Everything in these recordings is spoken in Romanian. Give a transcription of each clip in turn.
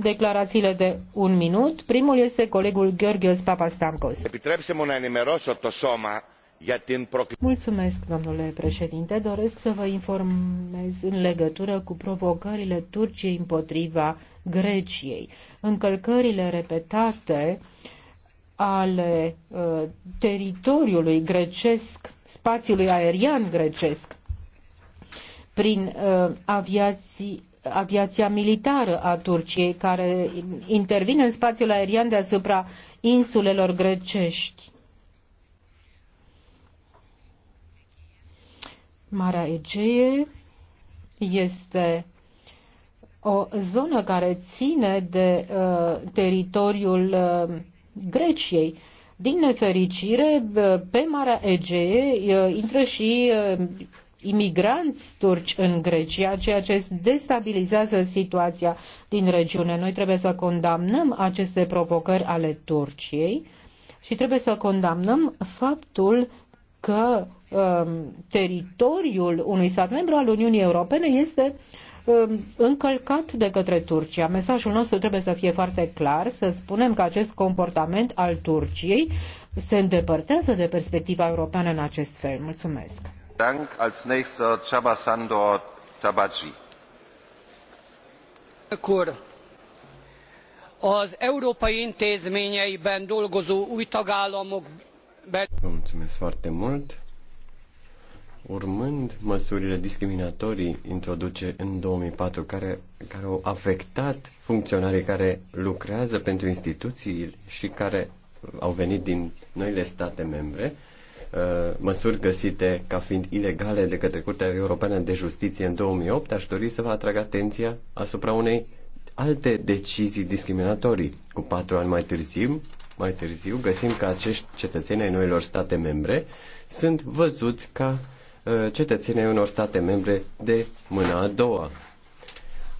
declarațiile de un minut. Primul este colegul Georgios Papastamkos. Mulțumesc, domnule președinte. Doresc să vă informez în legătură cu provocările Turciei împotriva Greciei. Încălcările repetate ale uh, teritoriului grecesc, spațiului aerian grecesc, prin uh, aviații aviația militară a Turciei, care intervine în spațiul aerian deasupra insulelor grecești. Marea Egee este o zonă care ține de uh, teritoriul uh, Greciei. Din nefericire, uh, pe Marea Egee uh, intră și uh, imigranți turci în Grecia, ceea ce destabilizează situația din regiune. Noi trebuie să condamnăm aceste provocări ale Turciei și trebuie să condamnăm faptul că um, teritoriul unui stat membru al Uniunii Europene este um, încălcat de către Turcia. Mesajul nostru trebuie să fie foarte clar, să spunem că acest comportament al Turciei se îndepărtează de perspectiva europeană în acest fel. Mulțumesc! az európai intézményeiben dolgozó új tagállamok urmând măsurile discriminatorii introduce în 2004, care, care au afectat funcționarii care lucrează pentru instituții și care au venit din noile state membre, Uh, măsuri găsite ca fiind ilegale de către Curtea Europeană de Justiție în 2008, aș dori să vă atrag atenția asupra unei alte decizii discriminatorii. Cu patru ani mai târziu, mai târziu găsim că acești cetățeni ai noilor state membre sunt văzuți ca uh, cetățenii unor state membre de mâna a doua.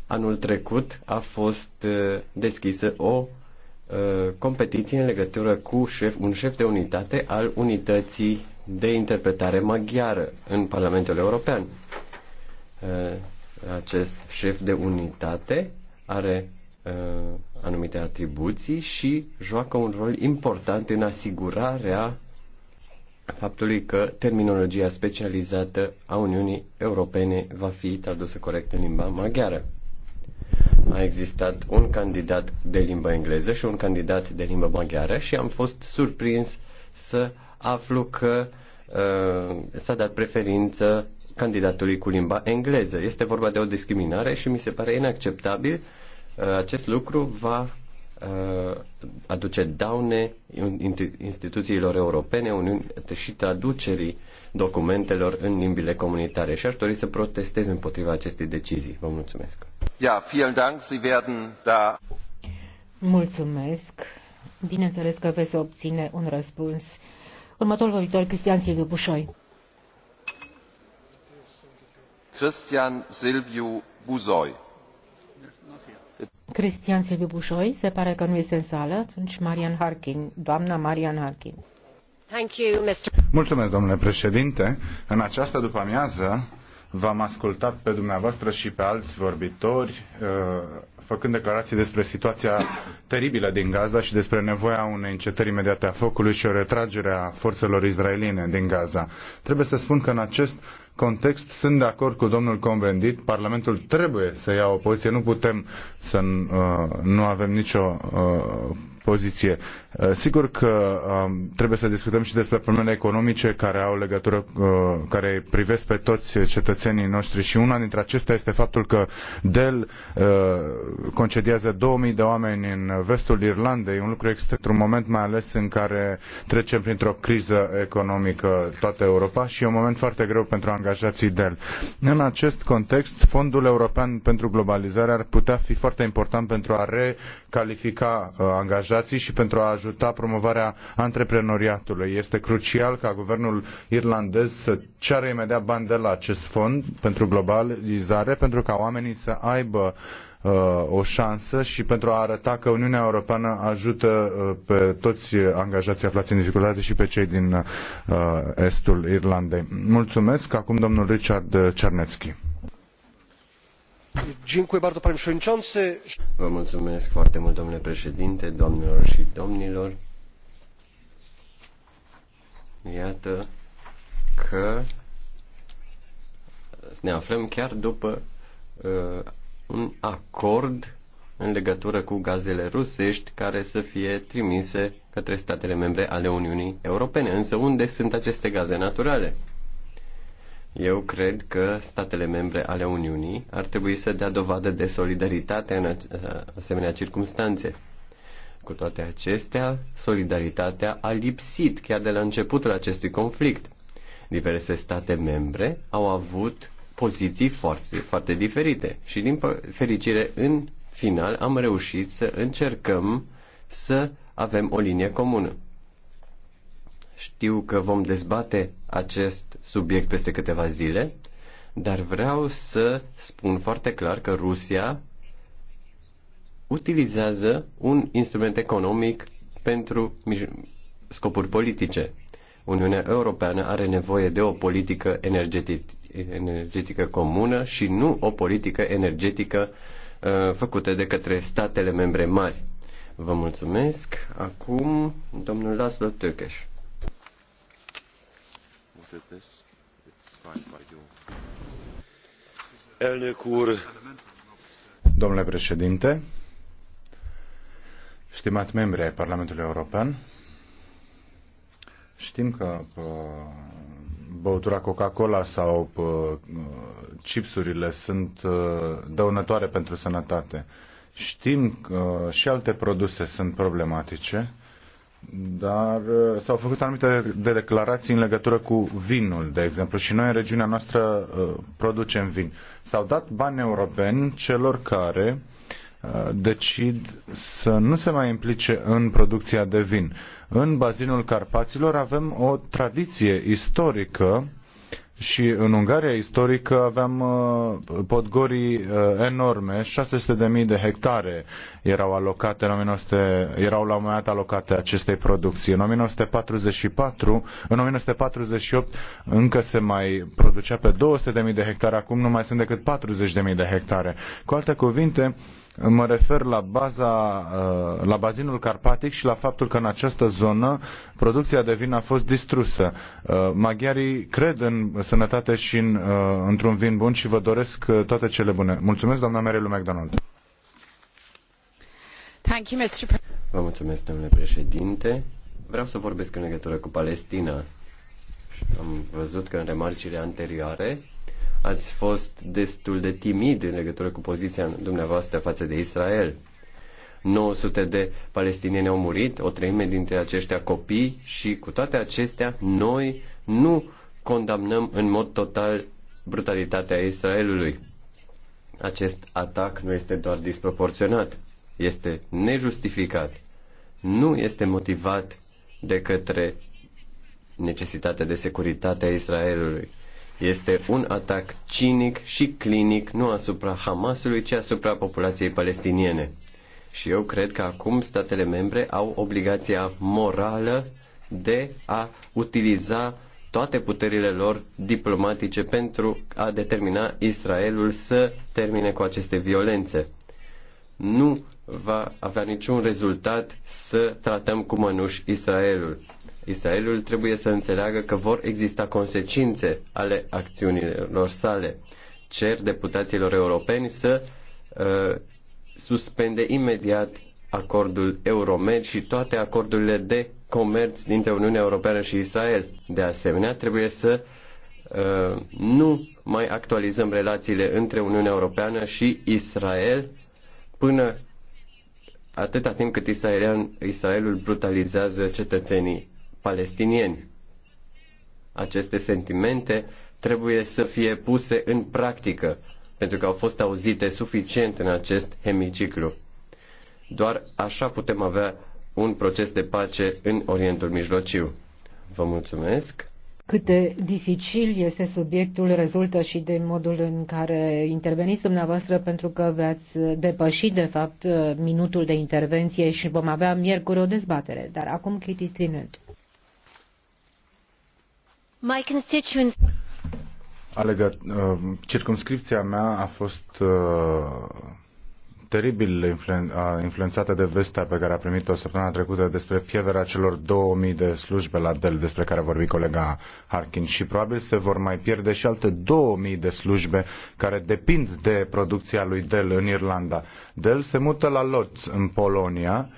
Anul trecut a fost uh, deschisă o Uh, competiții în legătură cu șef, un șef de unitate al unității de interpretare maghiară în Parlamentul European. Uh, acest șef de unitate are uh, anumite atribuții și joacă un rol important în asigurarea faptului că terminologia specializată a Uniunii Europene va fi tradusă corect în limba maghiară a existat un candidat de limbă engleză și un candidat de limbă maghiară și am fost surprins să aflu că uh, s-a dat preferință candidatului cu limba engleză. Este vorba de o discriminare și mi se pare inacceptabil. Uh, acest lucru va Uh, aduce daune instituțiilor europene Uniuni, și traducerii documentelor în limbile comunitare și aș dori să protestez împotriva acestei decizii. Vă mulțumesc. Ja, vielen Dank. Sie werden da... Mulțumesc. Bineînțeles că veți obține un răspuns. Următorul vorbitor, Cristian Silviu Bușoi. Cristian Silviu Buzoi. Cristian Silviu Bușoi, se pare că nu este în sală, atunci Marian Harkin, doamna Marian Harkin. Thank you, Mr. Mulțumesc, domnule președinte. În această după-amiază v-am ascultat pe dumneavoastră și pe alți vorbitori uh, făcând declarații despre situația teribilă din Gaza și despre nevoia unei încetări imediate a focului și o retragere a forțelor israeliene din Gaza. Trebuie să spun că în acest context sunt de acord cu domnul Convendit. Parlamentul trebuie să ia o poziție. Nu putem să uh, nu avem nicio uh, poziție. Uh, sigur că um, trebuie să discutăm și despre problemele economice care au legătură, uh, care privesc pe toți cetățenii noștri și una dintre acestea este faptul că Dell uh, concediază 2000 de oameni în vestul Irlandei, un lucru extrem într-un moment mai ales în care trecem printr-o criză economică toată Europa și e un moment foarte greu pentru angajații Dell. În acest context, Fondul European pentru Globalizare ar putea fi foarte important pentru a recalifica angajații angajații și pentru a ajuta promovarea antreprenoriatului. Este crucial ca guvernul irlandez să ceară imediat bani de la acest fond pentru globalizare, pentru ca oamenii să aibă uh, o șansă și pentru a arăta că Uniunea Europeană ajută uh, pe toți angajații aflați în dificultate și pe cei din uh, estul Irlandei. Mulțumesc. Acum domnul Richard uh, Cernețchi mulțumesc foarte mult, domnule președinte, doamnelor și domnilor. Iată că ne aflăm chiar după uh, un acord în legătură cu gazele rusești care să fie trimise către statele membre ale Uniunii Europene. Însă unde sunt aceste gaze naturale? Eu cred că statele membre ale Uniunii ar trebui să dea dovadă de solidaritate în uh, asemenea circunstanțe. Cu toate acestea, solidaritatea a lipsit chiar de la începutul acestui conflict. Diverse state membre au avut poziții foarte, foarte diferite și, din fericire, în final am reușit să încercăm să avem o linie comună. Știu că vom dezbate acest subiect peste câteva zile, dar vreau să spun foarte clar că Rusia utilizează un instrument economic pentru scopuri politice. Uniunea Europeană are nevoie de o politică energetic, energetică comună și nu o politică energetică uh, făcută de către statele membre mari. Vă mulțumesc. Acum, domnul Laszlo Tökes. Domnule președinte, stimați membri ai Parlamentului European, știm că uh, băutura Coca-Cola sau uh, chipsurile sunt uh, dăunătoare pentru sănătate. Știm că și alte produse sunt problematice dar uh, s-au făcut anumite de declarații în legătură cu vinul, de exemplu, și noi în regiunea noastră uh, producem vin. S-au dat bani europeni celor care uh, decid să nu se mai implice în producția de vin. În bazinul Carpaților avem o tradiție istorică și în Ungaria istorică aveam uh, podgorii uh, enorme, 600.000 de hectare erau alocate în 19 erau la un moment dat alocate acestei producții. În 1944, în 1948 încă se mai producea pe 200.000 de hectare, acum nu mai sunt decât 40.000 de hectare. Cu alte cuvinte, Mă refer la, baza, uh, la bazinul carpatic și la faptul că în această zonă producția de vin a fost distrusă. Uh, maghiarii cred în sănătate și în, uh, într-un vin bun și vă doresc toate cele bune. Mulțumesc, doamna Marilu McDonald. Vă mulțumesc, domnule președinte. Vreau să vorbesc în legătură cu Palestina. Am văzut că în remarcile anterioare ați fost destul de timid în legătură cu poziția dumneavoastră față de Israel. 900 de palestinieni au murit, o treime dintre aceștia copii și cu toate acestea noi nu condamnăm în mod total brutalitatea Israelului. Acest atac nu este doar disproporționat, este nejustificat, nu este motivat de către necesitatea de securitate a Israelului. Este un atac cinic și clinic nu asupra Hamasului, ci asupra populației palestiniene. Și eu cred că acum statele membre au obligația morală de a utiliza toate puterile lor diplomatice pentru a determina Israelul să termine cu aceste violențe. Nu va avea niciun rezultat să tratăm cu mănuși Israelul. Israelul trebuie să înțeleagă că vor exista consecințe ale acțiunilor sale. Cer deputaților europeni să uh, suspende imediat acordul Euromed și toate acordurile de comerț dintre Uniunea Europeană și Israel. De asemenea, trebuie să uh, nu mai actualizăm relațiile între Uniunea Europeană și Israel până atâta timp cât Israelul brutalizează cetățenii palestinieni. Aceste sentimente trebuie să fie puse în practică, pentru că au fost auzite suficient în acest hemiciclu. Doar așa putem avea un proces de pace în Orientul Mijlociu. Vă mulțumesc cât de dificil este subiectul rezultă și de modul în care interveniți dumneavoastră pentru că veți depăși de fapt minutul de intervenție și vom avea miercuri o dezbatere. Dar acum Kitty Stinet. My constituents. Alegă, uh, circumscripția mea a fost uh, teribil influențată de vestea pe care a primit-o săptămâna trecută despre pierderea celor 2000 de slujbe la Dell, despre care a vorbit colega Harkin. Și probabil se vor mai pierde și alte 2000 de slujbe care depind de producția lui Dell în Irlanda. Dell se mută la Lodz, în Polonia,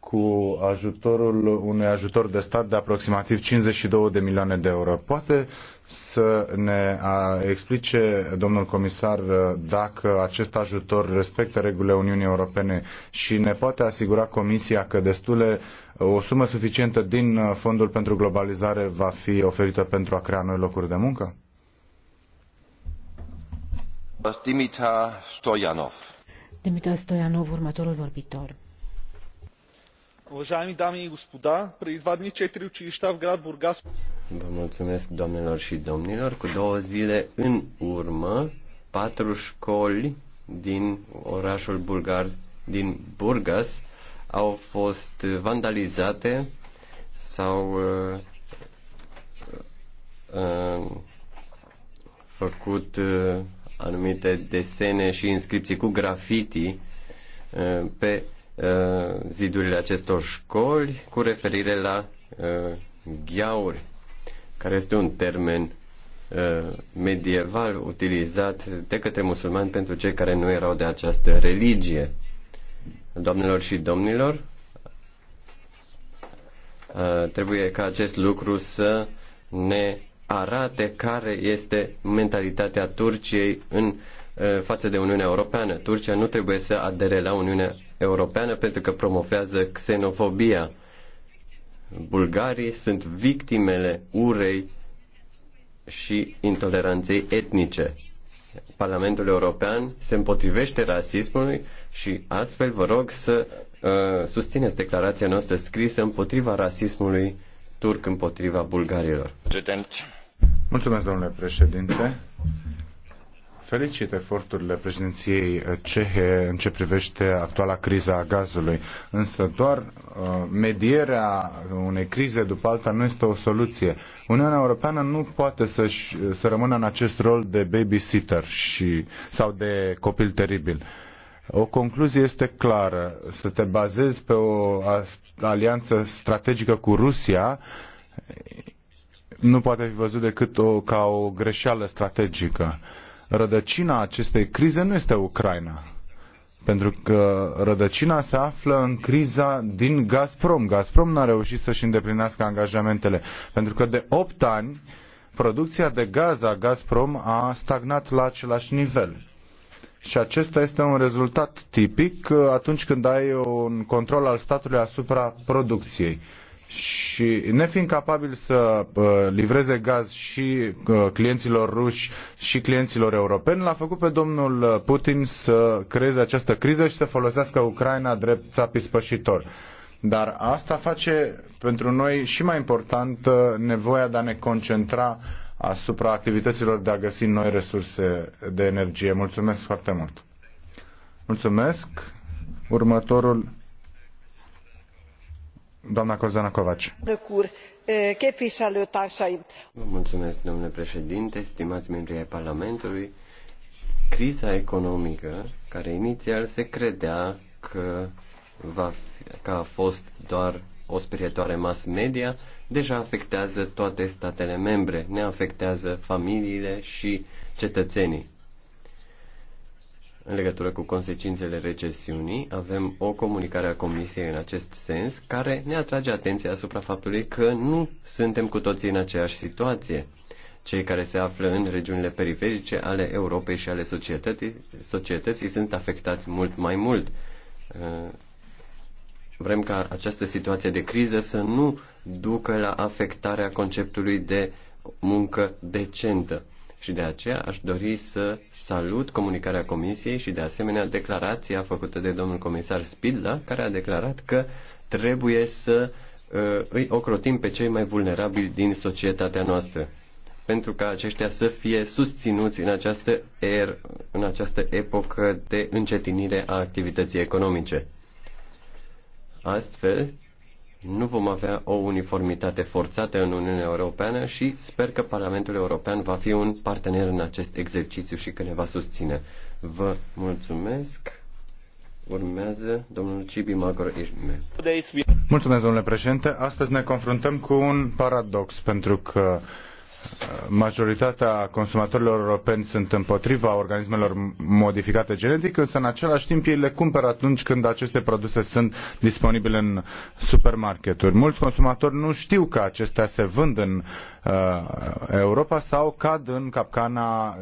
cu ajutorul unui ajutor de stat de aproximativ 52 de milioane de euro. Poate să ne explice, domnul comisar, uh, dacă acest ajutor respectă regulile Uniunii Europene și ne poate asigura Comisia că destule uh, o sumă suficientă din uh, Fondul pentru Globalizare va fi oferită pentru a crea noi locuri de muncă? Dimita Stoianov. Dimita Stoianov, următorul vorbitor. Уважаеми дами и господа, преди два дни четири училища в град Бургас Vă mulțumesc, doamnelor și domnilor. Cu două zile în urmă, patru școli din orașul bulgar, din Burgas, au fost vandalizate sau uh, uh, făcut uh, anumite desene și inscripții cu grafiti uh, pe uh, zidurile acestor școli cu referire la uh, gheauri care este un termen uh, medieval utilizat de către musulmani pentru cei care nu erau de această religie. Doamnelor și domnilor, uh, trebuie ca acest lucru să ne arate care este mentalitatea Turciei în uh, față de Uniunea Europeană. Turcia nu trebuie să adere la Uniunea Europeană pentru că promovează xenofobia bulgarii sunt victimele urei și intoleranței etnice. Parlamentul European se împotrivește rasismului și astfel vă rog să uh, susțineți declarația noastră scrisă împotriva rasismului turc împotriva bulgarilor. Mulțumesc, domnule președinte. Felicit eforturile președinției cehe în ce privește actuala criza a gazului, însă doar uh, medierea unei crize după alta nu este o soluție. Uniunea Europeană nu poate să, să rămână în acest rol de babysitter și, sau de copil teribil. O concluzie este clară, să te bazezi pe o alianță strategică cu Rusia nu poate fi văzut decât o, ca o greșeală strategică rădăcina acestei crize nu este Ucraina. Pentru că rădăcina se află în criza din Gazprom. Gazprom n-a reușit să-și îndeplinească angajamentele. Pentru că de 8 ani producția de gaz a Gazprom a stagnat la același nivel. Și acesta este un rezultat tipic atunci când ai un control al statului asupra producției și nefiind capabil să uh, livreze gaz și uh, clienților ruși și clienților europeni, l-a făcut pe domnul uh, Putin să creeze această criză și să folosească Ucraina drept țapi spășitor. Dar asta face pentru noi și mai important nevoia de a ne concentra asupra activităților de a găsi noi resurse de energie. Mulțumesc foarte mult! Mulțumesc! Următorul Doamna Corzana Covaci. Mulțumesc, domnule președinte, stimați membri ai Parlamentului. Criza economică, care inițial se credea că, va fi, că a fost doar o sperietoare mass media, deja afectează toate statele membre, ne afectează familiile și cetățenii. În legătură cu consecințele recesiunii, avem o comunicare a Comisiei în acest sens care ne atrage atenția asupra faptului că nu suntem cu toții în aceeași situație. Cei care se află în regiunile periferice ale Europei și ale societății, societății sunt afectați mult mai mult. Uh, vrem ca această situație de criză să nu ducă la afectarea conceptului de muncă decentă și de aceea aș dori să salut comunicarea Comisiei și de asemenea declarația făcută de domnul comisar Spidla, care a declarat că trebuie să uh, îi ocrotim pe cei mai vulnerabili din societatea noastră pentru ca aceștia să fie susținuți în această, er, în această epocă de încetinire a activității economice. Astfel, nu vom avea o uniformitate forțată în Uniunea Europeană și sper că Parlamentul European va fi un partener în acest exercițiu și că ne va susține. Vă mulțumesc. Urmează domnul Cibi Magor Ismail. Mulțumesc, domnule președinte. Astăzi ne confruntăm cu un paradox, pentru că majoritatea consumatorilor europeni sunt împotriva organismelor modificate genetic, însă în același timp ei le cumpără atunci când aceste produse sunt disponibile în supermarketuri. Mulți consumatori nu știu că acestea se vând în Uh, Europa sau cad în capcana uh,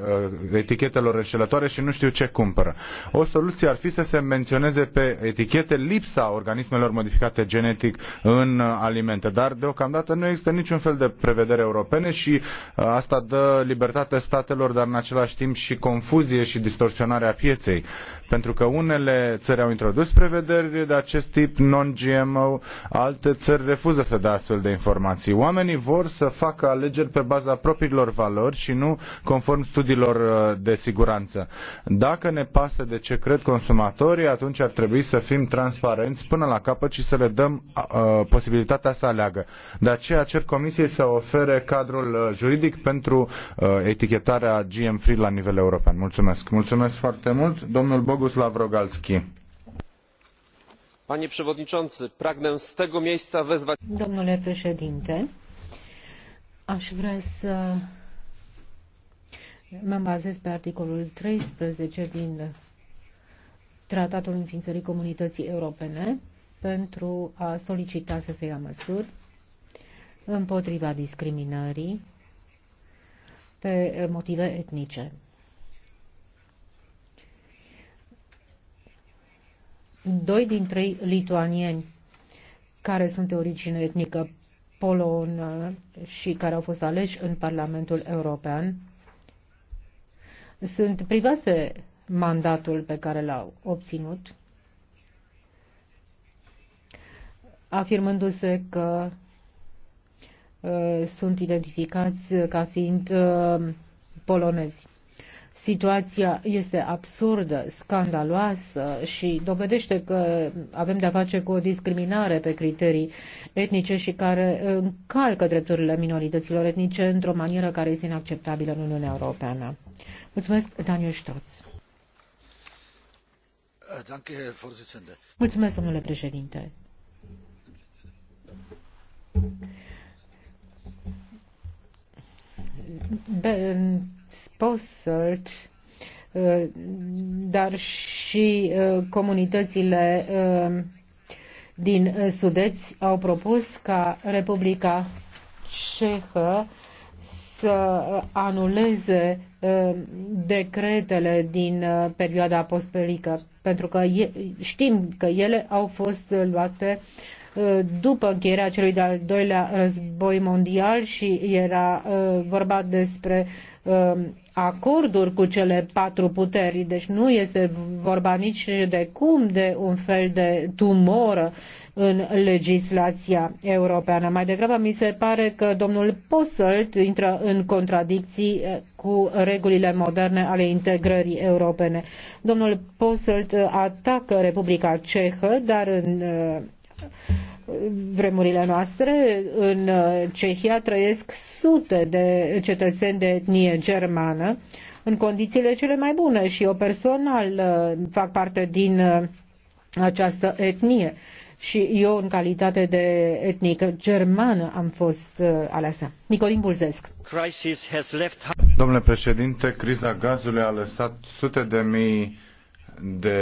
etichetelor înșelătoare și nu știu ce cumpără. O soluție ar fi să se menționeze pe etichete lipsa organismelor modificate genetic în uh, alimente, dar deocamdată nu există niciun fel de prevedere europene și asta dă libertate statelor, dar în același timp și confuzie și distorsionarea pieței. Pentru că unele țări au introdus prevederi de acest tip non-GMO, alte țări refuză să dea astfel de informații. Oamenii vor să facă alegeri pe baza propriilor valori și nu conform studiilor uh, de siguranță. Dacă ne pasă de ce cred consumatorii, atunci ar trebui să fim transparenți până la capăt și să le dăm uh, posibilitatea să aleagă. De aceea cer Comisiei să ofere cadrul uh, juridic pentru uh, etichetarea GM Free la nivel european. Mulțumesc. Mulțumesc foarte mult, domnul Boguslav Rogalski panie przewodniczący! pragnę z tego miejsca wezwać. domnule președinte Aș vrea să mă bazez pe articolul 13 din Tratatul Înființării Comunității Europene pentru a solicita să se ia măsuri împotriva discriminării pe motive etnice. Doi din trei lituanieni care sunt de origine etnică Polon și care au fost aleși în Parlamentul European sunt privați mandatul pe care l-au obținut, afirmându-se că uh, sunt identificați ca fiind uh, polonezi. Situația este absurdă, scandaloasă și dovedește că avem de-a face cu o discriminare pe criterii etnice și care încalcă drepturile minorităților etnice într-o manieră care este inacceptabilă în Uniunea Europeană. Mulțumesc, Daniel Stoț. Mulțumesc, domnule președinte. Be- Posselt, uh, dar și uh, comunitățile uh, din Sudeți au propus ca Republica Cehă să anuleze decretele din perioada apostolică, pentru că știm că ele au fost luate după încheierea celui de-al doilea război mondial și era vorba despre acorduri cu cele patru puteri, deci nu este vorba nici de cum de un fel de tumoră în legislația europeană. Mai degrabă mi se pare că domnul Posselt intră în contradicții eh, cu regulile moderne ale integrării europene. Domnul Posselt eh, atacă Republica Cehă, dar în eh, vremurile noastre în uh, Cehia trăiesc sute de cetățeni de etnie germană în condițiile cele mai bune și eu personal uh, fac parte din uh, această etnie și eu în calitate de etnică germană am fost aleasă. Nicolin Bulzesc. Domnule președinte, criza gazului a lăsat sute de mii de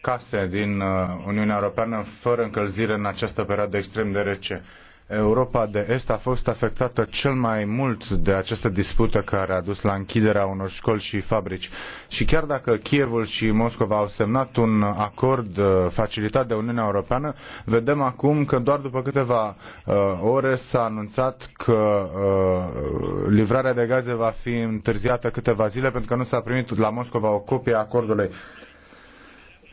case din uh, Uniunea Europeană fără încălzire în această perioadă extrem de rece. Europa de Est a fost afectată cel mai mult de această dispută care a dus la închiderea unor școli și fabrici. Și chiar dacă Kievul și Moscova au semnat un acord uh, facilitat de Uniunea Europeană, vedem acum că doar după câteva uh, ore s-a anunțat că uh, livrarea de gaze va fi întârziată câteva zile pentru că nu s-a primit la Moscova o copie a acordului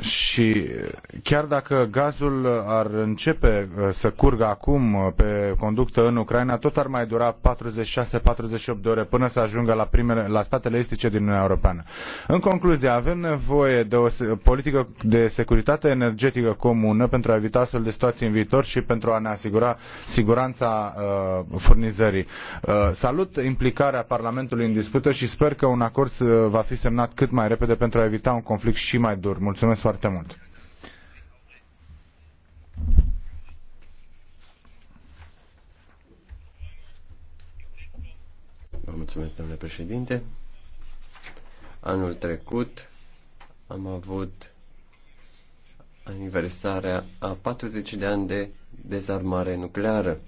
Și chiar dacă gazul ar începe uh, să curgă acum uh, pe conductă în Ucraina, tot ar mai dura 46-48 de ore până să ajungă la, primele, la statele estice din Uniunea Europeană. În concluzie, avem nevoie de o politică de securitate energetică comună pentru a evita astfel de situații în viitor și pentru a ne asigura siguranța uh, furnizării. Uh, salut implicarea Parlamentului în dispută și sper că un acord uh, va fi semnat cât mai repede pentru a evita un conflict și mai dur. Mulțumesc Mulțumesc foarte mult. Vă mulțumesc, domnule președinte. Anul trecut am avut aniversarea a 40 de ani de dezarmare nucleară.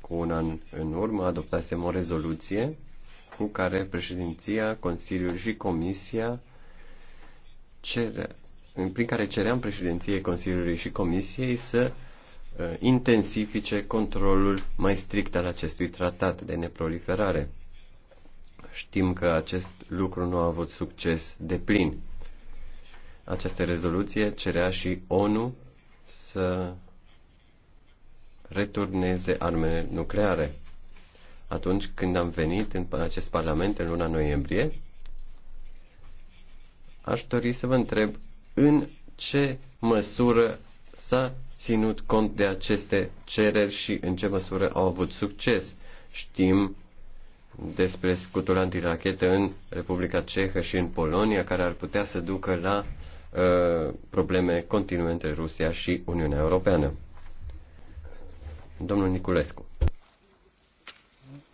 Cu un an în urmă adoptasem o rezoluție cu care președinția, Consiliul și Comisia prin care ceream președinției Consiliului și Comisiei să uh, intensifice controlul mai strict al acestui tratat de neproliferare. Știm că acest lucru nu a avut succes de plin. Această rezoluție cerea și ONU să returneze armele nucleare. Atunci când am venit în acest parlament în luna noiembrie, aș dori să vă întreb în ce măsură s-a ținut cont de aceste cereri și în ce măsură au avut succes. Știm despre scutul antirachetă în Republica Cehă și în Polonia, care ar putea să ducă la uh, probleme continue între Rusia și Uniunea Europeană. Domnul Niculescu.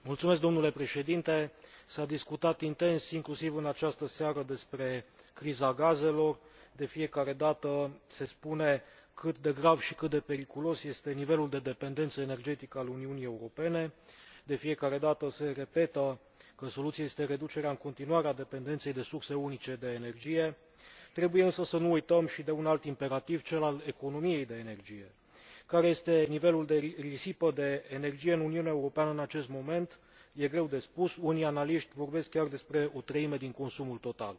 Mulțumesc, domnule președinte. S-a discutat intens, inclusiv în această seară, despre criza gazelor de fiecare dată se spune cât de grav și cât de periculos este nivelul de dependență energetică al uniunii europene de fiecare dată se repetă că soluția este reducerea în continuare a dependenței de surse unice de energie trebuie însă să nu uităm și de un alt imperativ cel al economiei de energie care este nivelul de risipă de energie în uniunea europeană în acest moment e greu de spus unii analiști vorbesc chiar despre o treime din consumul total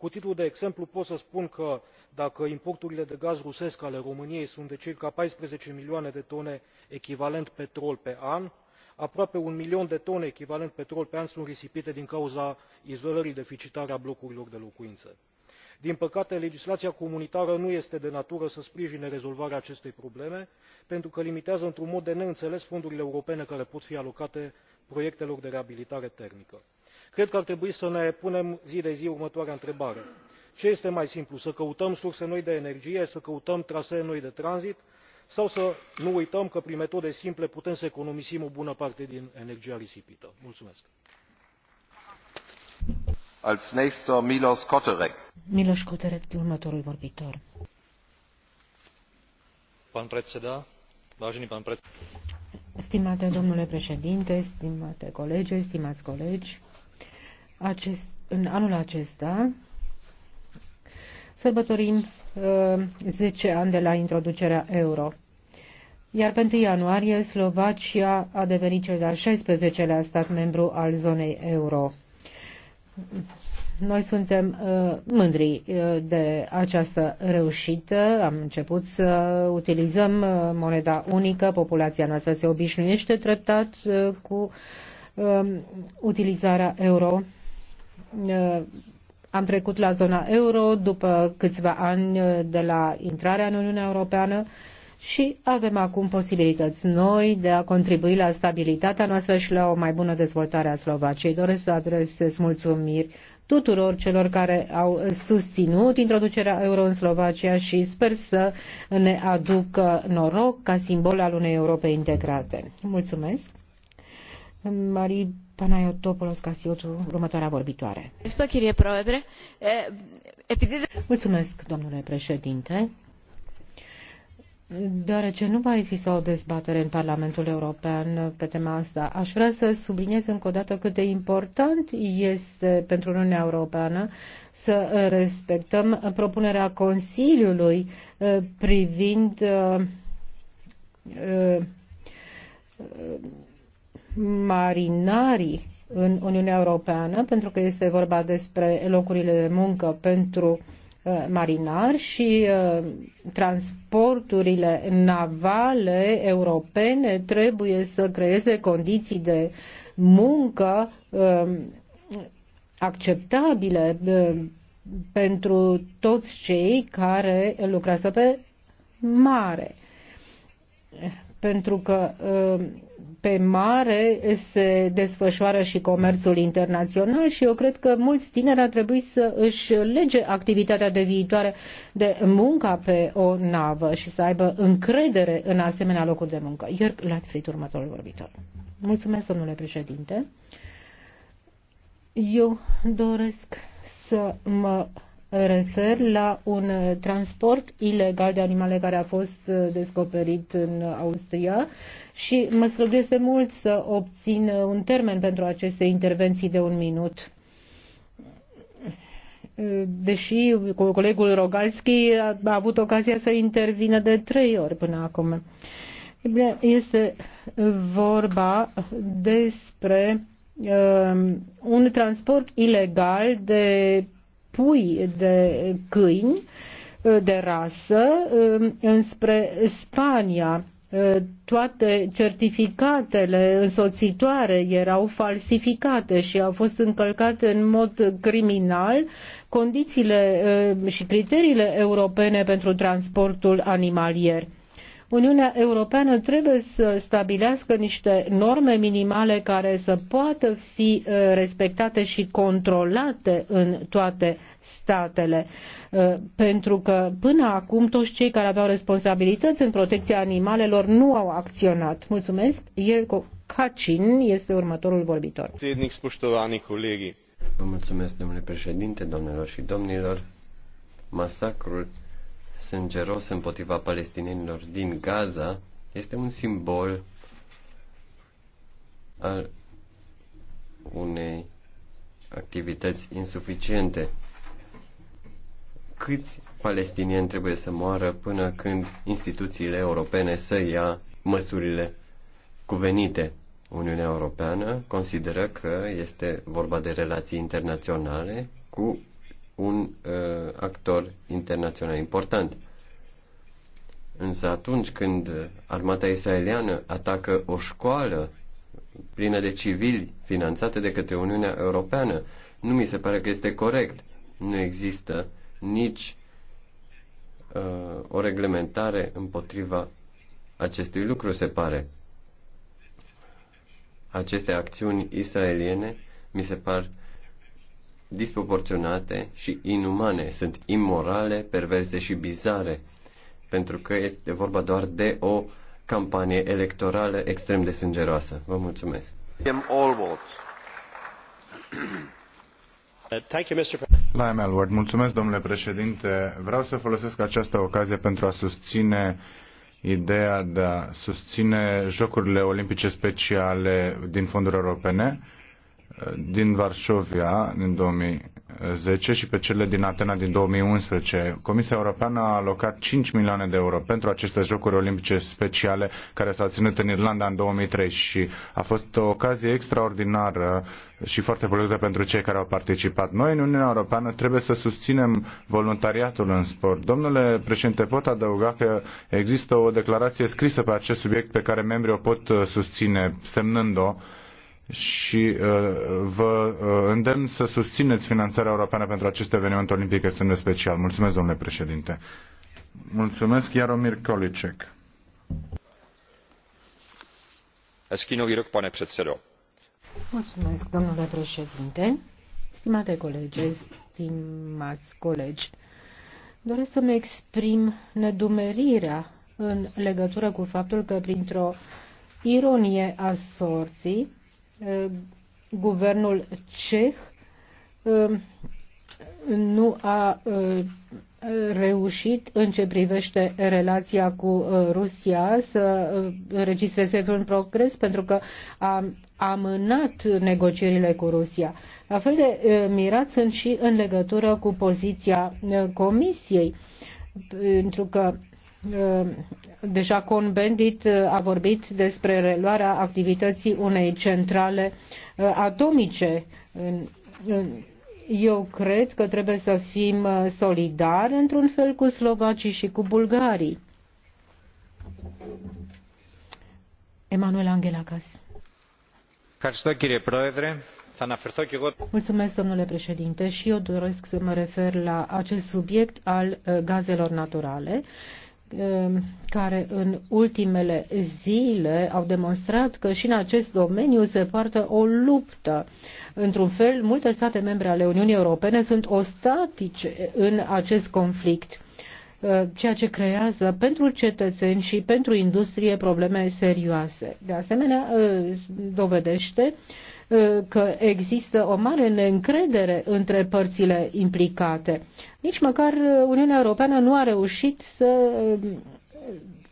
cu titlu de exemplu pot să spun că dacă importurile de gaz rusesc ale româniei sunt de circa paisprezece milioane de tone echivalent petrol pe an aproape un milion de tone echivalent petrol pe an sunt risipite din cauza izolării deficitare a blocurilor de locuințe. din păcate legislația comunitară nu este de natură să sprijine rezolvarea acestei probleme pentru că limitează într un mod de neînțeles fondurile europene care pot fi alocate proiectelor de reabilitare termică cred că ar trebui să ne punem zi de zi următoarea întrebare ce este mai simplu să căutăm surse noi de energie să căutăm trasee noi de tranzit sau să nu uităm că prin metode simple putem să economisim o bună parte din energia risipită? mulțumesc. Milos Koterek. Milos Koterek, următorul vorbitor. Stimate președinte, stimate colegi, stimați colegi, acest, în anul acesta sărbătorim uh, 10 ani de la introducerea euro. Iar pentru ianuarie, Slovacia a devenit cel de-al 16-lea stat membru al zonei euro. Noi suntem uh, mândri uh, de această reușită. Am început să utilizăm uh, moneda unică. Populația noastră se obișnuiește treptat uh, cu uh, utilizarea euro Uh, am trecut la zona euro după câțiva ani uh, de la intrarea în Uniunea Europeană și avem acum posibilități noi de a contribui la stabilitatea noastră și la o mai bună dezvoltare a Slovaciei. Doresc să adresez mulțumiri tuturor celor care au susținut introducerea euro în Slovacia și sper să ne aducă noroc ca simbol al unei Europe integrate. Mulțumesc! Marie Panayotopoulos Casiotu, următoarea vorbitoare. Mulțumesc, domnule președinte. Deoarece nu va exista o dezbatere în Parlamentul European pe tema asta, aș vrea să subliniez încă o dată cât de important este pentru Uniunea Europeană să respectăm propunerea Consiliului privind marinarii în Uniunea Europeană, pentru că este vorba despre locurile de muncă pentru uh, marinari și uh, transporturile navale europene trebuie să creeze condiții de muncă um, acceptabile uh, pentru toți cei care lucrează pe mare. Pentru că um, pe mare se desfășoară și comerțul internațional și eu cred că mulți tineri ar trebui să își lege activitatea de viitoare de munca pe o navă și să aibă încredere în asemenea locuri de muncă. Iorg Latfrit, următorul vorbitor. Mulțumesc, domnule președinte. Eu doresc să mă refer la un transport ilegal de animale care a fost descoperit în Austria și mă străduiesc mult să obțin uh, un termen pentru aceste intervenții de un minut uh, deși colegul Rogalski a avut ocazia să intervină de trei ori până acum. Este vorba despre um, un transport ilegal de pui de câini uh, de rasă um, înspre Spania toate certificatele însoțitoare erau falsificate și au fost încălcate în mod criminal condițiile și criteriile europene pentru transportul animalier. Uniunea Europeană trebuie să stabilească niște norme minimale care să poată fi uh, respectate și controlate în toate statele. Uh, pentru că până acum toți cei care aveau responsabilități în protecția animalelor nu au acționat. Mulțumesc. Ierco Cacin este următorul vorbitor. Vă mulțumesc, domnule președinte, domnilor și domnilor. Masacrul sângeros împotriva palestinienilor din Gaza este un simbol al unei activități insuficiente. Câți palestinieni trebuie să moară până când instituțiile europene să ia măsurile cuvenite? Uniunea Europeană consideră că este vorba de relații internaționale cu un uh, actor internațional important. Însă atunci când armata israeliană atacă o școală plină de civili finanțate de către Uniunea Europeană, nu mi se pare că este corect. Nu există nici uh, o reglementare împotriva acestui lucru, se pare. Aceste acțiuni israeliene mi se par uh, disproporționate și inumane, sunt imorale, perverse și bizare, pentru că este vorba doar de o campanie electorală extrem de sângeroasă. Vă mulțumesc. Uh, mulțumesc domnule președinte. Vreau să folosesc această ocazie pentru a susține ideea de a susține Jocurile Olimpice Speciale din fonduri europene din Varsovia din 2010 și pe cele din Atena din 2011. Comisia Europeană a alocat 5 milioane de euro pentru aceste jocuri olimpice speciale care s-au ținut în Irlanda în 2003 și a fost o ocazie extraordinară și foarte plăcută pentru cei care au participat. Noi în Uniunea Europeană trebuie să susținem voluntariatul în sport. Domnule președinte, pot adăuga că există o declarație scrisă pe acest subiect pe care membrii o pot uh, susține semnând-o și uh, vă uh, îndemn să susțineți finanțarea europeană pentru acest eveniment olimpic este de special. Mulțumesc, domnule președinte. Mulțumesc, Iaromir Kolicek. Hezký nou rok, pane předsedo. Mulțumesc, domnule președinte. Stimate colegi, stimați colegi, doresc să-mi exprim nedumerirea în legătură cu faptul că printr-o ironie a sorții, Eh, guvernul ceh eh, nu a eh, reușit în ce privește relația cu Rusia să înregistreze un progres pentru că a amânat negocierile cu Rusia. La fel de mirat sunt și în legătură cu poziția Comisiei pentru că Uh, deja Con bendit uh, a vorbit despre reluarea activității unei centrale uh, atomice. Eu cred că trebuie să fim solidari într-un fel cu slovacii și cu bulgarii. Emanuel Angelakas. Mulțumesc, domnule președinte, și eu doresc să mă refer la acest subiect al gazelor naturale Um, care în ultimele zile au demonstrat că și în acest domeniu se poartă o luptă. Într-un fel, multe state membre ale Uniunii Europene sunt ostatice în acest conflict, uh, ceea ce creează pentru cetățeni și pentru industrie probleme serioase. De asemenea, uh, dovedește că există o mare neîncredere între părțile implicate. Nici măcar Uniunea Europeană nu a reușit să um,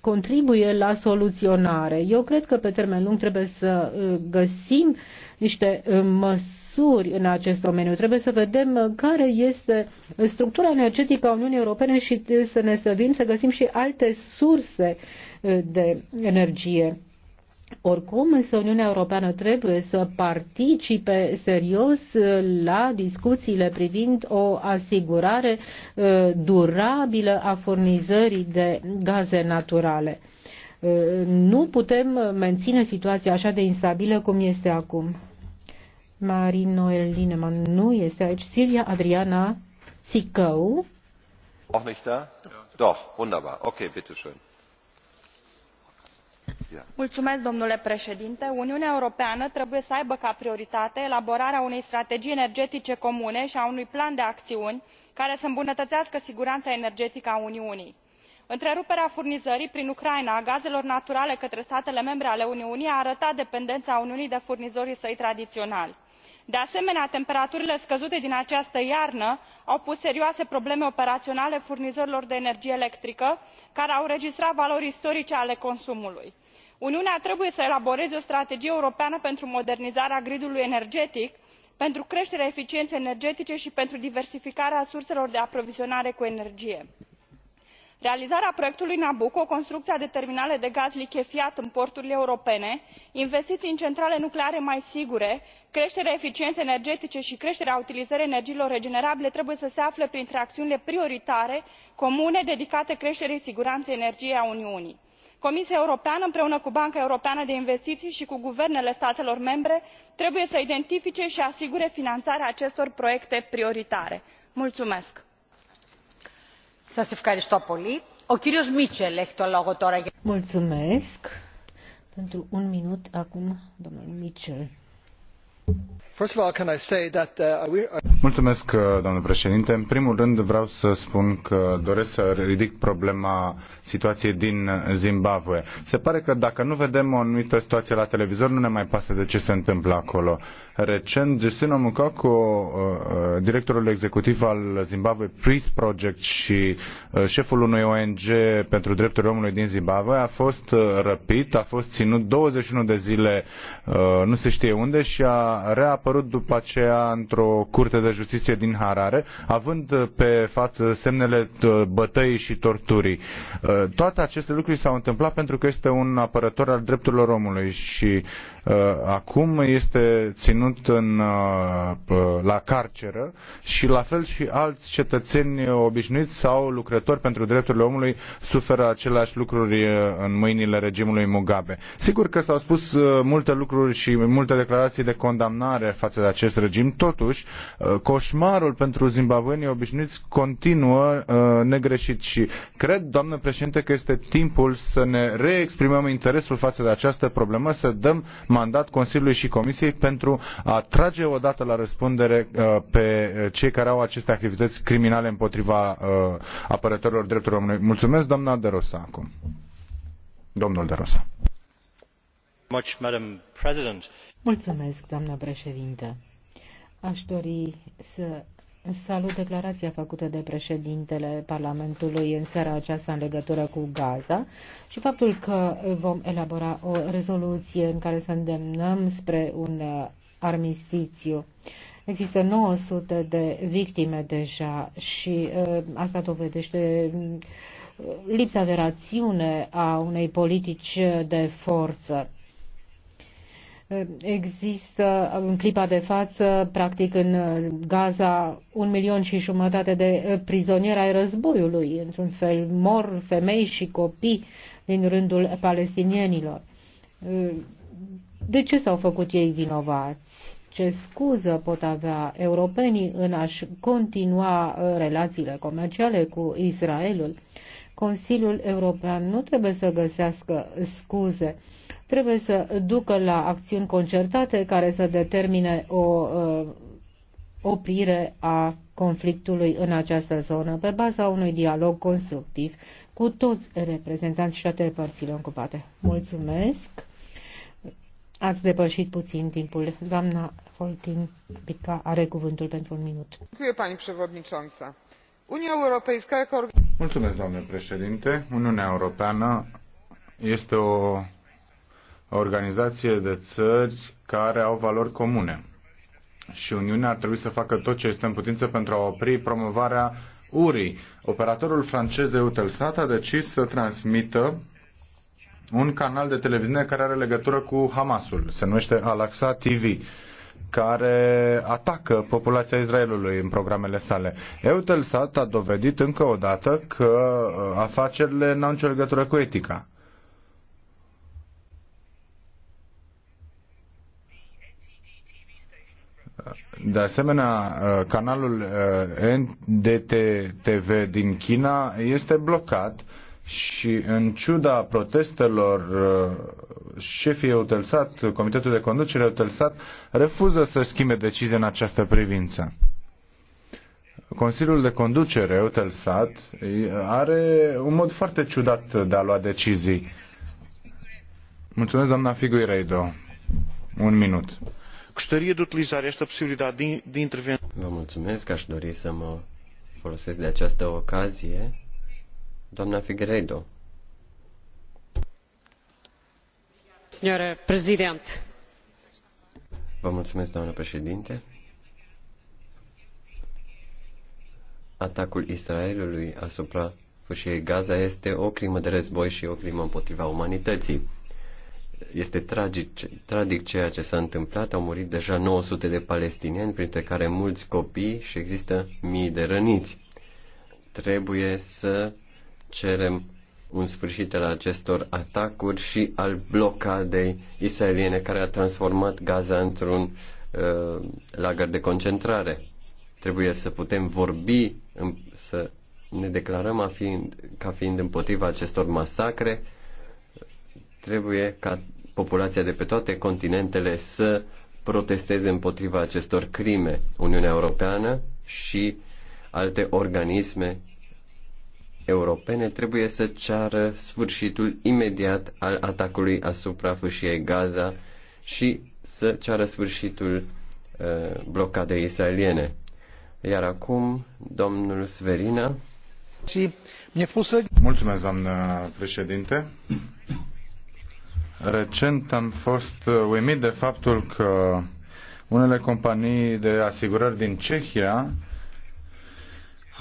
contribuie la soluționare. Eu cred că pe termen lung trebuie să uh, găsim niște uh, măsuri în acest domeniu. Trebuie să vedem uh, care este structura energetică a Uniunii Europene și să ne servim să găsim și alte surse de energie. Oricum, însă Uniunea Europeană trebuie să participe serios la discuțiile privind o asigurare uh, durabilă a furnizării de gaze naturale. Uh, nu putem menține situația așa de instabilă cum este acum. Marin Noel Lineman nu este aici. Silvia Adriana Țicău. Auch nicht da? Doch, wunderbar. Okay, bitteschön uniunea europeană trebuie să aibă ca prioritate elaborarea unei strategii energetice comune i a unui plan de aciuni care să îmbunătăească sigurana energetică a uniunii. întreruperea furnizării prin ucraina a gazelor naturale către statele membre ale uniunii a arătat dependena uniunii de furnizorii săi tradiionali de asemenea temperaturile scăzute din această iarnă au pus serioase probleme operaionale furnizorilor de energie electrică care au înregistrat valori istorice ale consumului. uniunea trebuie să elaboreze o strategie europeană pentru modernizarea gridului energetic pentru creterea eficienei energetice i pentru diversificarea surselor de aprovizionare cu energie realizarea proiectului nabucco construcia de terminale de gaz lichefiat în porturile europene investiii în centrale nucleare mai sigure creterea eficienei energetice i creterea utilizării energiilor regenerabile trebuie să se afle printre aciunile prioritare comune dedicate creterii siguranei energiei a uniunii. comisia europeană împreună cu banca europeană de investiii i cu guvernele statelor membre trebuie să identifice i asigure finanarea acestor proiecte prioritare. mulumesc. Mulțumesc. Pentru un minut acum, Mitchell. Uh, Mulțumesc, uh, domnule președinte. În primul rând vreau să spun că doresc să ridic problema situației din Zimbabwe. Se pare că dacă nu vedem o anumită situație la televizor, nu ne mai pasă de ce se întâmplă acolo. Recent, Justin Mukoko, uh, uh, directorul executiv al Zimbabwe Peace Project și uh, șeful unui ONG pentru drepturile omului din Zimbabwe, a fost răpit, a fost ținut 21 de zile, nu se știe unde, și a reapărut după aceea într-o curte de justiție din Harare, având pe față semnele bătăii și torturii. Toate aceste lucruri s-au întâmplat pentru că este un apărător al drepturilor omului și acum este ținut ținut în, uh, la carceră și la fel și alți cetățeni obișnuiți sau lucrători pentru drepturile omului suferă aceleași lucruri uh, în mâinile regimului Mugabe. Sigur că s-au spus uh, multe lucruri și multe declarații de condamnare față de acest regim, totuși coșmarul pentru zimbabwenii obișnuiți continuă negreșit și cred, doamnă președinte, că este timpul să ne reexprimăm interesul față de această problemă, să dăm mandat Consiliului și Comisiei pentru a trage odată la răspundere uh, pe uh, cei care au aceste activități criminale împotriva uh, apărătorilor drepturilor omului. Mulțumesc, doamna De Rosa, acum. Domnul De Rosa. Mulțumesc, doamna președinte. Aș dori să Salut declarația făcută de președintele Parlamentului în seara aceasta în legătură cu Gaza și faptul că vom elabora o rezoluție în care să îndemnăm spre un armistițiu. Există 900 de victime deja și uh, asta dovedește uh, lipsa de rațiune a unei politici de forță. Uh, există în clipa de față, practic în uh, Gaza, un milion și jumătate de prizonieri ai războiului, într-un fel mor femei și copii din rândul palestinienilor de ce s-au făcut ei vinovați? Ce scuză pot avea europenii în a-și continua uh, relațiile comerciale cu Israelul? Consiliul European nu trebuie să găsească scuze, trebuie să ducă la acțiuni concertate care să determine o uh, oprire a conflictului în această zonă pe baza unui dialog constructiv cu toți reprezentanții și toate părțile ocupate. Mulțumesc! Ați depășit puțin timpul. Doamna Foltin Pica are cuvântul pentru un minut. Mulțumesc, doamne președinte. Uniunea Europeană este o organizație de țări care au valori comune. Și Uniunea ar trebui să facă tot ce este în putință pentru a opri promovarea URI. Operatorul francez de Eutelsat a decis să transmită un canal de televiziune care are legătură cu Hamasul. Se numește Al-Aqsa TV care atacă populația Israelului în programele sale. Eutelsat a dovedit încă o dată că uh, afacerile n-au nicio legătură cu etica. De asemenea, uh, canalul uh, NDT TV din China este blocat și în ciuda protestelor, uh, șefii Eutelsat, Comitetul de Conducere Eutelsat, refuză să schimbe decizia în această privință. Consiliul de Conducere Eutelsat uh, are un mod foarte ciudat de a lua decizii. Mulțumesc, doamna Figueiredo. Un minut. Gostaria de utilizar esta posibilidade de intervenție. Vă mulțumesc, aș dori să mă folosesc de această ocazie Doamna Figueiredo. Vă mulțumesc, doamnă președinte. Atacul Israelului asupra fâșiei Gaza este o crimă de război și o crimă împotriva umanității. Este tragic, tragic ceea ce s-a întâmplat. Au murit deja 900 de palestinieni, printre care mulți copii și există mii de răniți. Trebuie să cerem un sfârșit al acestor atacuri și al blocadei israeliene care a transformat Gaza într-un uh, lagăr de concentrare. Trebuie să putem vorbi, să ne declarăm a fiind, ca fiind împotriva acestor masacre. Trebuie ca populația de pe toate continentele să protesteze împotriva acestor crime. Uniunea Europeană și alte organisme europene trebuie să ceară sfârșitul imediat al atacului asupra fâșiei Gaza și să ceară sfârșitul uh, blocadei israeliene. Iar acum, domnul Sverina. Mulțumesc, doamnă președinte. Recent am fost uh, uimit de faptul că unele companii de asigurări din Cehia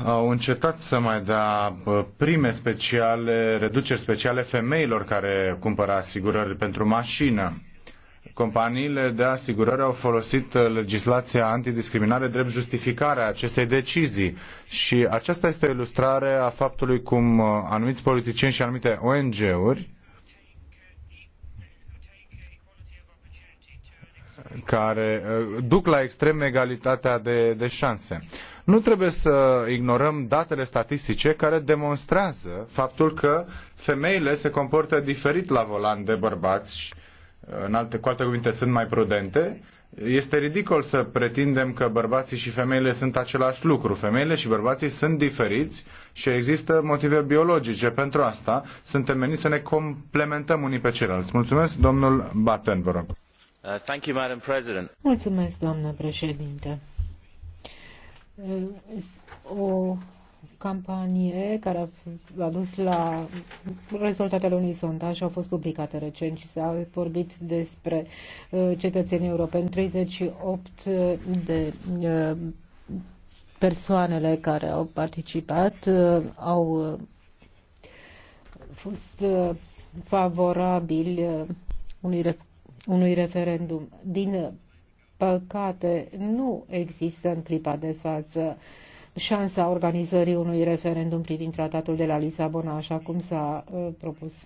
au încetat să mai dea prime speciale, reduceri speciale femeilor care cumpără asigurări pentru mașină. Companiile de asigurări au folosit uh, legislația antidiscriminare drept justificare a acestei decizii și aceasta este o ilustrare a faptului cum uh, anumiți politicieni și anumite ONG-uri care uh, duc la extrem egalitatea de, de șanse. Nu trebuie să ignorăm datele statistice care demonstrează faptul că femeile se comportă diferit la volan de bărbați, și, în alte, cu alte cuvinte sunt mai prudente. Este ridicol să pretindem că bărbații și femeile sunt același lucru. Femeile și bărbații sunt diferiți și există motive biologice pentru asta. Suntem meniți să ne complementăm unii pe ceilalți. Mulțumesc, domnul Batten, vă rog. Uh, thank you, Madam President. Mulțumesc, doamnă președinte o campanie care a dus la rezultatele unui sondaj au fost publicate recent și s-a vorbit despre uh, cetățenii europeni 38 de uh, persoanele care au participat uh, au fost favorabili unui referendum. Din păcate, nu există în clipa de față șansa organizării unui referendum privind tratatul de la Lisabona, așa cum s-a uh, propus.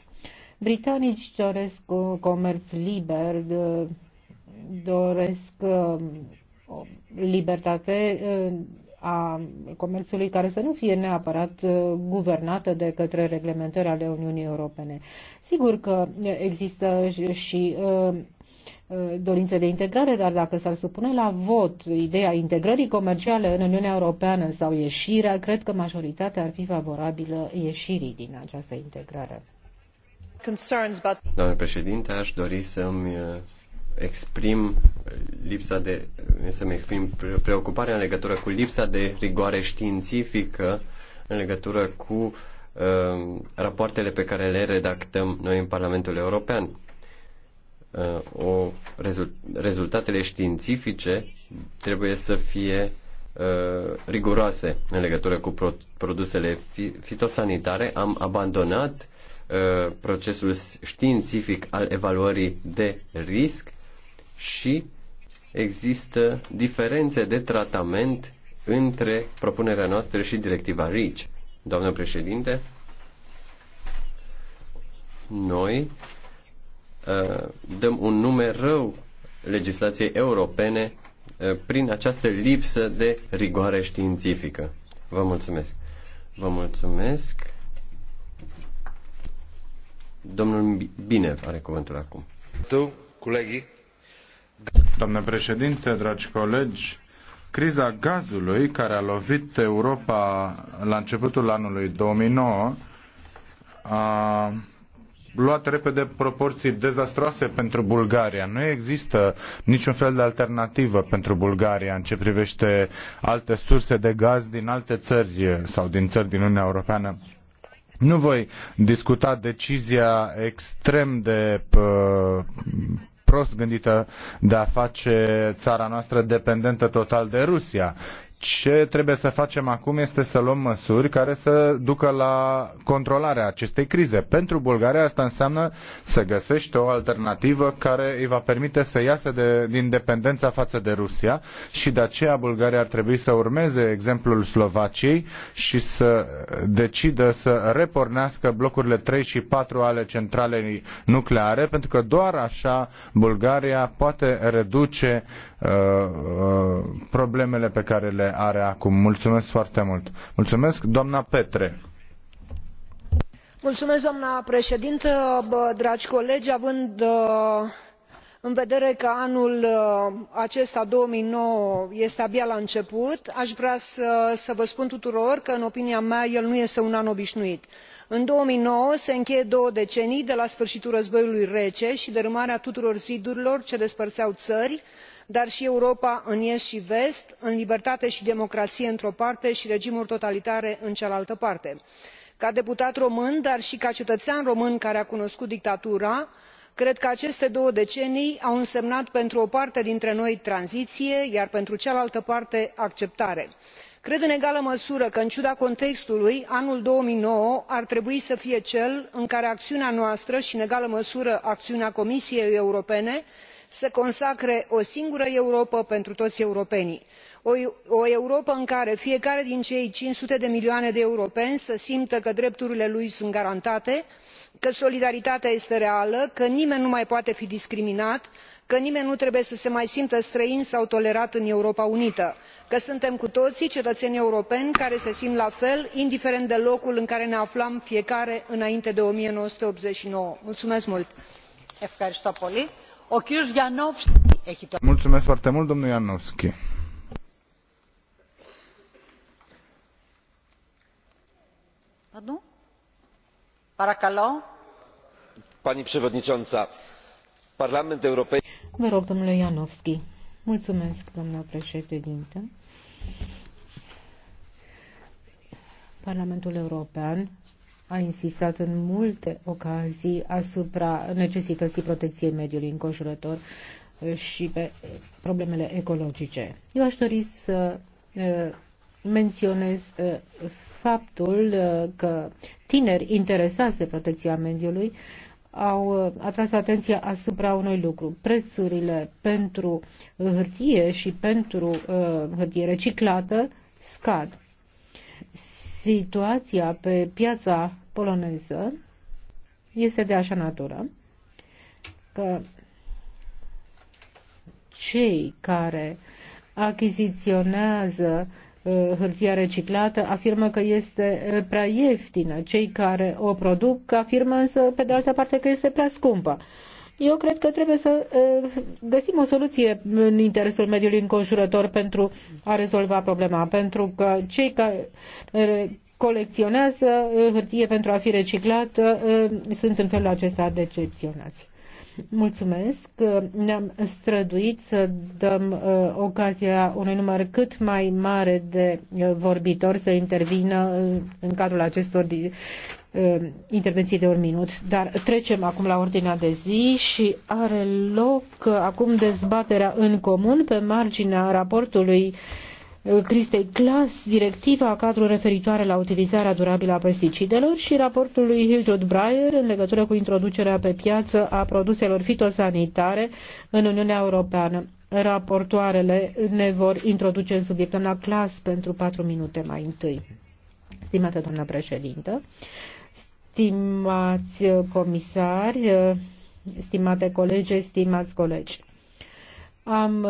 Britanici doresc uh, comerț liber, uh, doresc uh, o libertate uh, a comerțului care să nu fie neapărat uh, guvernată de către reglementări ale Uniunii Europene. Sigur că există și uh, Uh, dorințe de integrare, dar dacă s-ar supune la vot ideea integrării comerciale în Uniunea Europeană sau ieșirea, cred că majoritatea ar fi favorabilă ieșirii din această integrare. Doamne președinte, aș dori să-mi uh, exprim lipsa de, uh, să-mi exprim preocuparea în legătură cu lipsa de rigoare științifică în legătură cu uh, rapoartele pe care le redactăm noi în Parlamentul European Uh, o, rezultatele științifice trebuie să fie uh, riguroase în legătură cu produsele fitosanitare. Am abandonat uh, procesul științific al evaluării de risc și există diferențe de tratament între propunerea noastră și directiva REACH. Doamnă președinte, noi Uh, dăm un nume rău legislației europene uh, prin această lipsă de rigoare științifică. Vă mulțumesc. Vă mulțumesc. Domnul Binev are cuvântul acum. Tu, colegii. Doamne președinte, dragi colegi, criza gazului care a lovit Europa la începutul anului 2009 a luat repede proporții dezastroase pentru Bulgaria. Nu există niciun fel de alternativă pentru Bulgaria în ce privește alte surse de gaz din alte țări sau din țări din Uniunea Europeană. Nu voi discuta decizia extrem de prost gândită de a face țara noastră dependentă total de Rusia ce trebuie să facem acum este să luăm măsuri care să ducă la controlarea acestei crize. Pentru Bulgaria asta înseamnă să găsești o alternativă care îi va permite să iasă de, din dependența față de Rusia și de aceea Bulgaria ar trebui să urmeze exemplul Slovaciei și să decidă să repornească blocurile 3 și 4 ale centralei nucleare, pentru că doar așa Bulgaria poate reduce Uh, uh, problemele pe care le are acum. Mulțumesc foarte mult. Mulțumesc, doamna Petre. Mulțumesc, doamna președintă, dragi colegi, având uh, în vedere că anul acesta 2009, este abia la început aș vrea să, să vă spun tuturor că în opinia mea el nu este un an obișnuit. în 2009 se încheie două decenii de la sfârșitul războiului rece și dărâmarea tuturor zidurilor ce despărțeau țări dar și europa în est și vest în libertate și democrație într o parte și regimuri totalitare în cealaltă parte. ca deputat român dar și ca cetățean român care a cunoscut dictatura cred că aceste două decenii au însemnat pentru o parte dintre noi tranziție iar pentru cealaltă parte acceptare. cred în egală măsură că în ciuda contextului anul două mii nouă ar trebui să fie cel în care acțiunea noastră și în egală măsură acțiunea comisiei europene să consacre o singură europă pentru toți europenii o europă în care fiecare din cei cinci sute de milioane de europeni să simtă că drepturile lui sunt garantate că solidaritatea este reală că nimeni nu mai poate fi discriminat că nimeni nu trebuie să se mai simtă străin sau tolerat în europa unită că suntem cu toții cetățeni europeni care se simt la fel indiferent de locul în care ne aflam fiecare înainte de. o mie nouă sute optzeci și nouă Mulțumesc foarte mult, domnul Ianovski. Pani przewodnicząca, Parlament Europejski. Vă rog, domnule Ianovski. Mulțumesc, doamna președintă. Parlamentul European a insistat în multe ocazii asupra necesității protecției mediului înconjurător uh, și pe problemele ecologice. Eu aș dori să uh, menționez uh, faptul că tineri interesați de protecția mediului au atras atenția asupra unui lucru. Prețurile pentru hârtie și pentru hârtie reciclată scad situația pe piața poloneză este de așa natură că cei care achiziționează uh, hârtia reciclată afirmă că este uh, prea ieftină, cei care o produc afirmă însă pe de altă parte că este prea scumpă. Eu cred că trebuie să uh, găsim o soluție în interesul mediului înconjurător pentru a rezolva problema, pentru că cei care uh, colecționează uh, hârtie pentru a fi reciclată sunt în felul acesta decepționați. Mulțumesc. Ne-am străduit să dăm uh, ocazia unui număr cât mai mare de uh, vorbitori să intervină uh, în cadrul acestor Um, intervenții de un minut, dar trecem acum la ordinea de zi și are loc uh, acum dezbaterea în comun pe marginea raportului uh, Cristei Clas, directiva cadru referitoare la utilizarea durabilă a pesticidelor și raportul lui Hildred Breyer în legătură cu introducerea pe piață a produselor fitosanitare în Uniunea Europeană. Raportoarele ne vor introduce în subiectul la Clas, pentru patru minute mai întâi. Stimată doamnă președintă, stimați comisari, stimate colegi, stimați colegi. Am